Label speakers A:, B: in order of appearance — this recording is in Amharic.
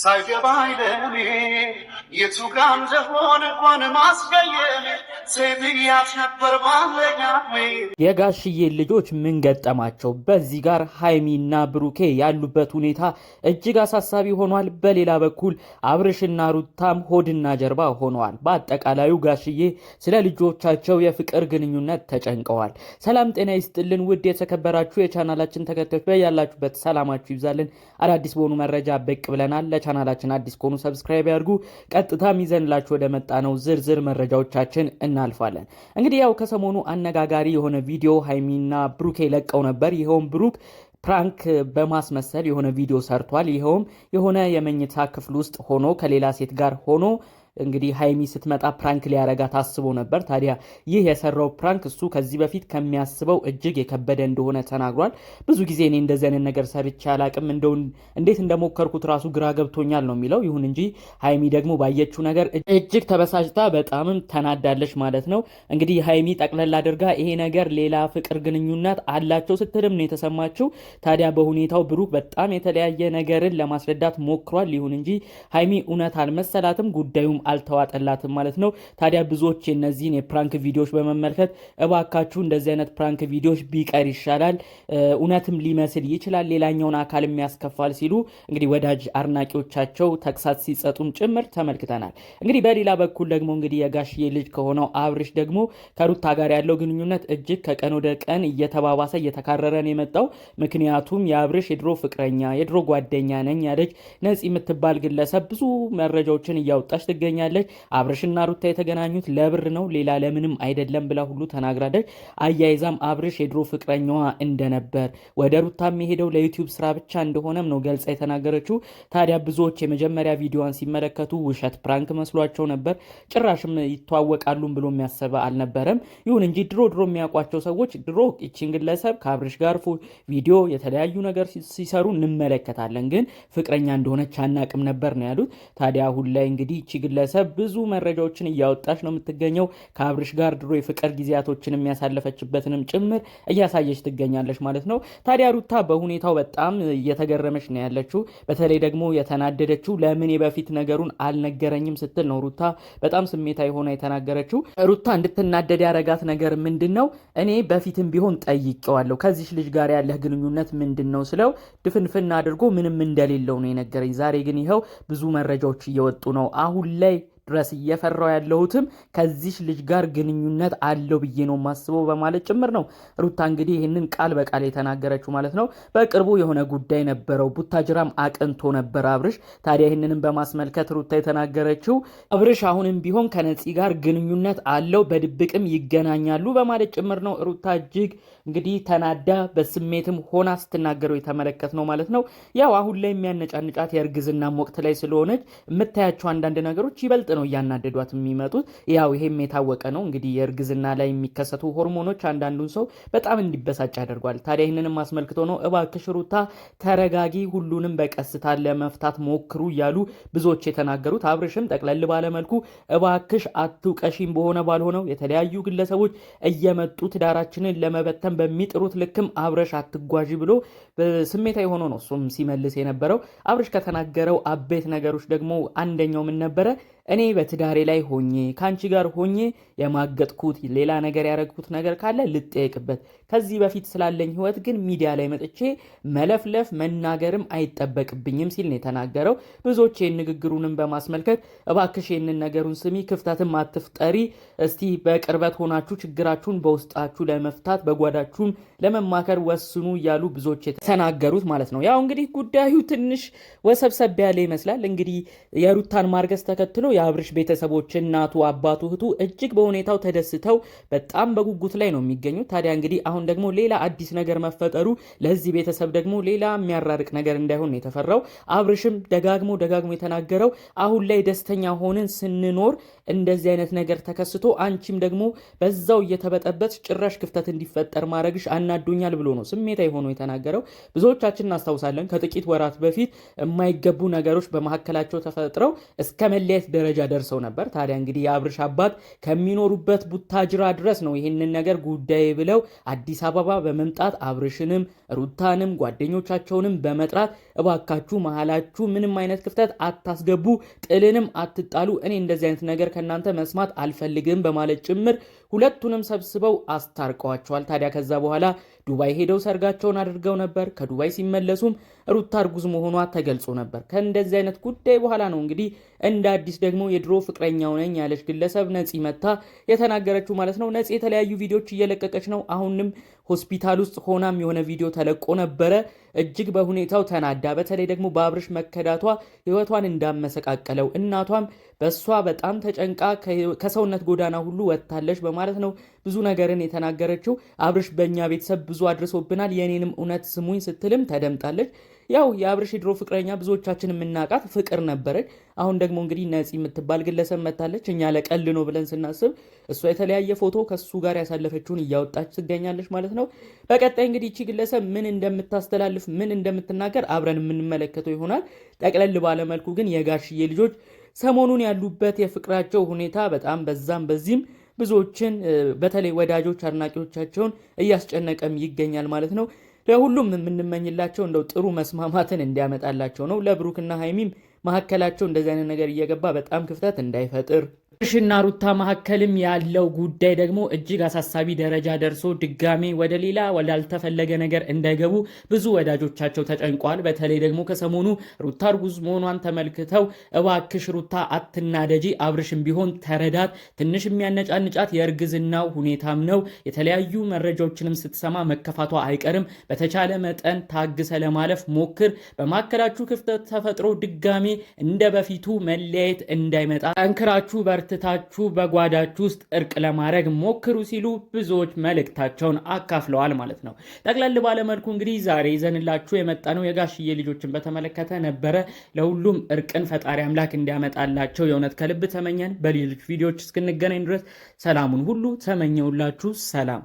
A: ሳይገባኝ ለኔ የቱ ጋም ዘሆን እንኳን ማስቀየሜ የጋሽዬ ልጆች ምን ገጠማቸው? በዚህ ጋር ሀይሚና ብሩኬ ያሉበት ሁኔታ እጅግ አሳሳቢ ሆኗል። በሌላ በኩል አብርሽና ሩታም ሆድና ጀርባ ሆነዋል። በአጠቃላዩ ጋሽዬ ስለ ልጆቻቸው የፍቅር ግንኙነት ተጨንቀዋል። ሰላም ጤና ይስጥልን ውድ የተከበራችሁ የቻናላችን ተከታዮች በያላችሁበት ሰላማችሁ ይብዛልን። አዳዲስ በሆኑ መረጃ ብቅ ብለናል። ለቻናላችን አዲስ ከሆኑ ሰብስክራይብ ያድርጉ። ቀጥታም ይዘንላችሁ ወደ መጣ ነው ዝርዝር መረጃዎቻችን እናልፋለን። እንግዲህ ያው ከሰሞኑ አነጋጋሪ የሆነ ቪዲዮ ሀይሚና ብሩክ የለቀው ነበር። ይኸውም ብሩክ ፕራንክ በማስመሰል የሆነ ቪዲዮ ሰርቷል። ይኸውም የሆነ የመኝታ ክፍል ውስጥ ሆኖ ከሌላ ሴት ጋር ሆኖ እንግዲህ ሀይሚ ስትመጣ ፕራንክ ሊያረጋ ታስቦ ነበር። ታዲያ ይህ የሰራው ፕራንክ እሱ ከዚህ በፊት ከሚያስበው እጅግ የከበደ እንደሆነ ተናግሯል። ብዙ ጊዜ እኔ እንደዘንን ነገር ሰርቼ አላቅም፣ እንደው እንዴት እንደሞከርኩት ራሱ ግራ ገብቶኛል ነው የሚለው። ይሁን እንጂ ሀይሚ ደግሞ ባየችው ነገር እጅግ ተበሳጭታ በጣምም ተናዳለች ማለት ነው። እንግዲህ ሀይሚ ጠቅለል አድርጋ ይሄ ነገር ሌላ ፍቅር ግንኙነት አላቸው ስትልም ነው የተሰማችው። ታዲያ በሁኔታው ብሩክ በጣም የተለያየ ነገርን ለማስረዳት ሞክሯል። ይሁን እንጂ ሀይሚ እውነት አልመሰላትም ጉዳዩም አልተዋጠላትም ማለት ነው። ታዲያ ብዙዎች የነዚህን የፕራንክ ቪዲዮዎች በመመልከት እባካችሁ እንደዚህ አይነት ፕራንክ ቪዲዮዎች ቢቀር ይሻላል፣ እውነትም ሊመስል ይችላል፣ ሌላኛውን አካል የሚያስከፋል ሲሉ እንግዲህ ወዳጅ አድናቂዎቻቸው ተቅሳት ሲሰጡም ጭምር ተመልክተናል። እንግዲህ በሌላ በኩል ደግሞ እንግዲህ የጋሽዬ ልጅ ከሆነው አብርሽ ደግሞ ከሩታ ጋር ያለው ግንኙነት እጅግ ከቀን ወደ ቀን እየተባባሰ እየተካረረ ነው የመጣው። ምክንያቱም የአብርሽ የድሮ ፍቅረኛ የድሮ ጓደኛ ነኝ ያለች ነፂ የምትባል ግለሰብ ብዙ መረጃዎችን እያወጣች ትገኛል ትገኛለች። አብርሽና ሩታ የተገናኙት ለብር ነው፣ ሌላ ለምንም አይደለም ብላ ሁሉ ተናግራለች። አያይዛም አብርሽ የድሮ ፍቅረኛዋ እንደነበር ወደ ሩታ የሚሄደው ለዩቲዩብ ስራ ብቻ እንደሆነም ነው ገልጻ የተናገረችው። ታዲያ ብዙዎች የመጀመሪያ ቪዲዮዋን ሲመለከቱ ውሸት ፕራንክ መስሏቸው ነበር። ጭራሽም ይተዋወቃሉም ብሎ የሚያሰበ አልነበረም። ይሁን እንጂ ድሮ ድሮ የሚያውቋቸው ሰዎች ድሮ ይችን ግለሰብ ከአብርሽ ጋር ቪዲዮ የተለያዩ ነገር ሲሰሩ እንመለከታለን፣ ግን ፍቅረኛ እንደሆነች አናቅም ነበር ነው ያሉት። ታዲያ አሁን ላይ እንግዲህ ይቺ ግለሰብ ግለሰብ ብዙ መረጃዎችን እያወጣች ነው የምትገኘው። ከአብርሽ ጋር ድሮ የፍቅር ጊዜያቶችን የሚያሳለፈችበትንም ጭምር እያሳየች ትገኛለች ማለት ነው። ታዲያ ሩታ በሁኔታው በጣም እየተገረመች ነው ያለችው። በተለይ ደግሞ የተናደደችው ለምን የበፊት ነገሩን አልነገረኝም ስትል ነው። ሩታ በጣም ስሜታዊ ሆና የተናገረችው። ሩታ እንድትናደድ ያረጋት ነገር ምንድን ነው? እኔ በፊትም ቢሆን ጠይቄዋለሁ፣ ከዚች ልጅ ጋር ያለህ ግንኙነት ምንድን ነው ስለው ድፍንፍና አድርጎ ምንም እንደሌለው ነው የነገረኝ። ዛሬ ግን ይኸው ብዙ መረጃዎች እየወጡ ነው አሁን ላይ ድረስ እየፈራው ያለሁትም ከዚች ልጅ ጋር ግንኙነት አለው ብዬ ነው ማስበው በማለት ጭምር ነው ሩታ እንግዲህ ይህንን ቃል በቃል የተናገረችው ማለት ነው። በቅርቡ የሆነ ጉዳይ ነበረው፣ ቡታጅራም አቅንቶ ነበር አብርሽ። ታዲያ ይህንንም በማስመልከት ሩታ የተናገረችው አብርሽ አሁንም ቢሆን ከነፂ ጋር ግንኙነት አለው፣ በድብቅም ይገናኛሉ በማለት ጭምር ነው ሩታ እጅግ እንግዲህ ተናዳ በስሜትም ሆና ስትናገረው የተመለከት ነው ማለት ነው። ያው አሁን ላይ የሚያነጫንጫት የእርግዝናም ወቅት ላይ ስለሆነች የምታያቸው አንዳንድ ነገሮች ይበልጥ ነው እያናደዷት የሚመጡት። ያው ይሄም የታወቀ ነው እንግዲህ የእርግዝና ላይ የሚከሰቱ ሆርሞኖች አንዳንዱን ሰው በጣም እንዲበሳጭ ያደርጓል። ታዲያ ይህንንም አስመልክቶ ነው እባክሽ ሩታ ተረጋጊ፣ ሁሉንም በቀስታ ለመፍታት ሞክሩ እያሉ ብዙዎች የተናገሩት። አብርሽም ጠቅለል ባለመልኩ እባክሽ አትውቀሺም፣ በሆነ ባልሆነው የተለያዩ ግለሰቦች እየመጡ ትዳራችንን ለመበተን በሚጥሩት ልክም አብረሽ አትጓዥ ብሎ ስሜታዊ ሆኖ ነው እሱም ሲመልስ የነበረው። አብርሽ ከተናገረው አበይት ነገሮች ደግሞ አንደኛው ምን ነበረ? እኔ እኔ በትዳሬ ላይ ሆኜ ከአንቺ ጋር ሆኜ የማገጥኩት ሌላ ነገር ያደረግኩት ነገር ካለ ልጠየቅበት። ከዚህ በፊት ስላለኝ ህይወት ግን ሚዲያ ላይ መጥቼ መለፍለፍ መናገርም አይጠበቅብኝም ሲል ነው የተናገረው። ብዙዎች ንግግሩንም በማስመልከት እባክሽ ይህንን ነገሩን ስሚ፣ ክፍተትም አትፍጠሪ፣ እስቲ በቅርበት ሆናችሁ ችግራችሁን በውስጣችሁ ለመፍታት በጓዳችሁም ለመማከር ወስኑ እያሉ ብዙዎች የተናገሩት ማለት ነው። ያው እንግዲህ ጉዳዩ ትንሽ ወሰብሰብ ያለ ይመስላል። እንግዲህ የሩታን ማርገዝ ተከትሎ የአብርሽ ቤተሰቦች እናቱ፣ አባቱ፣ እህቱ እጅግ በሁኔታው ተደስተው በጣም በጉጉት ላይ ነው የሚገኙት። ታዲያ እንግዲህ አሁን ደግሞ ሌላ አዲስ ነገር መፈጠሩ ለዚህ ቤተሰብ ደግሞ ሌላ የሚያራርቅ ነገር እንዳይሆን የተፈራው። አብርሽም ደጋግሞ ደጋግሞ የተናገረው አሁን ላይ ደስተኛ ሆነን ስንኖር እንደዚህ አይነት ነገር ተከስቶ አንቺም ደግሞ በዛው እየተበጠበት ጭራሽ ክፍተት እንዲፈጠር ማድረግሽ አናዶኛል ብሎ ነው ስሜታዊ ሆኖ የተናገረው። ብዙዎቻችን እናስታውሳለን ከጥቂት ወራት በፊት የማይገቡ ነገሮች በመካከላቸው ተፈጥረው እስከ መለያየት ደረጃ ደረጃ ደርሰው ነበር። ታዲያ እንግዲህ የአብርሽ አባት ከሚኖሩበት ቡታጅራ ድረስ ነው ይህንን ነገር ጉዳይ ብለው አዲስ አበባ በመምጣት አብርሽንም ሩታንም ጓደኞቻቸውንም በመጥራት እባካችሁ መሀላችሁ ምንም አይነት ክፍተት አታስገቡ፣ ጥልንም አትጣሉ፣ እኔ እንደዚህ አይነት ነገር ከእናንተ መስማት አልፈልግም በማለት ጭምር ሁለቱንም ሰብስበው አስታርቀዋቸዋል። ታዲያ ከዛ በኋላ ዱባይ ሄደው ሰርጋቸውን አድርገው ነበር። ከዱባይ ሲመለሱም ሩታ እርጉዝ መሆኗ ተገልጾ ነበር። ከእንደዚህ አይነት ጉዳይ በኋላ ነው እንግዲህ እንደ አዲስ ደግሞ የድሮ ፍቅረኛው ነኝ ያለች ግለሰብ ነፂ መታ የተናገረችው ማለት ነው። ነፂ የተለያዩ ቪዲዮዎች እየለቀቀች ነው። አሁንም ሆስፒታል ውስጥ ሆናም የሆነ ቪዲዮ ተለቆ ነበረ። እጅግ በሁኔታው ተናዳ፣ በተለይ ደግሞ በአብርሽ መከዳቷ ህይወቷን እንዳመሰቃቀለው እናቷም በእሷ በጣም ተጨንቃ ከሰውነት ጎዳና ሁሉ ወጥታለች በማለት ነው ብዙ ነገርን የተናገረችው። አብርሽ በእኛ ቤተሰብ ብዙ አድርሶብናል፣ የእኔንም እውነት ስሙኝ ስትልም ተደምጣለች። ያው የአብርሽ ድሮ ፍቅረኛ ብዙዎቻችን የምናውቃት ፍቅር ነበረች። አሁን ደግሞ እንግዲህ ነፂ የምትባል ግለሰብ መታለች። እኛ ለቀል ነው ብለን ስናስብ እሷ የተለያየ ፎቶ ከሱ ጋር ያሳለፈችውን እያወጣች ትገኛለች ማለት ነው። በቀጣይ እንግዲህ እቺ ግለሰብ ምን እንደምታስተላልፍ ምን እንደምትናገር አብረን የምንመለከተው ይሆናል። ጠቅለል ባለመልኩ ግን የጋሽዬ ልጆች ሰሞኑን ያሉበት የፍቅራቸው ሁኔታ በጣም በዛም በዚህም ብዙዎችን በተለይ ወዳጆች አድናቂዎቻቸውን እያስጨነቀም ይገኛል ማለት ነው። ለሁሉም የምንመኝላቸው እንደው ጥሩ መስማማትን እንዲያመጣላቸው ነው። ለብሩክና ሀይሚም መካከላቸው እንደዚህ አይነት ነገር እየገባ በጣም ክፍተት እንዳይፈጥር ሽና ሩታ መካከልም ያለው ጉዳይ ደግሞ እጅግ አሳሳቢ ደረጃ ደርሶ ድጋሜ ወደ ሌላ ወዳልተፈለገ ነገር እንዳይገቡ ብዙ ወዳጆቻቸው ተጨንቋል። በተለይ ደግሞ ከሰሞኑ ሩታ እርጉዝ መሆኗን ተመልክተው እባክሽ ሩታ አትናደጂ፣ አብርሽም ቢሆን ተረዳት፣ ትንሽ የሚያነጫንጫት የእርግዝናው ሁኔታም ነው። የተለያዩ መረጃዎችንም ስትሰማ መከፋቷ አይቀርም። በተቻለ መጠን ታግሰ ለማለፍ ሞክር። በመካከላችሁ ክፍተት ተፈጥሮ ድጋሜ እንደ በፊቱ መለየት እንዳይመጣ ጠንክራችሁ በርትታችሁ በጓዳችሁ ውስጥ እርቅ ለማድረግ ሞክሩ ሲሉ ብዙዎች መልእክታቸውን አካፍለዋል ማለት ነው። ጠቅለል ባለመልኩ እንግዲህ ዛሬ ይዘንላችሁ የመጣነው የጋሽዬ ልጆችን በተመለከተ ነበረ። ለሁሉም እርቅን ፈጣሪ አምላክ እንዲያመጣላቸው የእውነት ከልብ ተመኘን። በሌሎች ቪዲዮዎች እስክንገናኝ ድረስ ሰላሙን ሁሉ ተመኘውላችሁ። ሰላም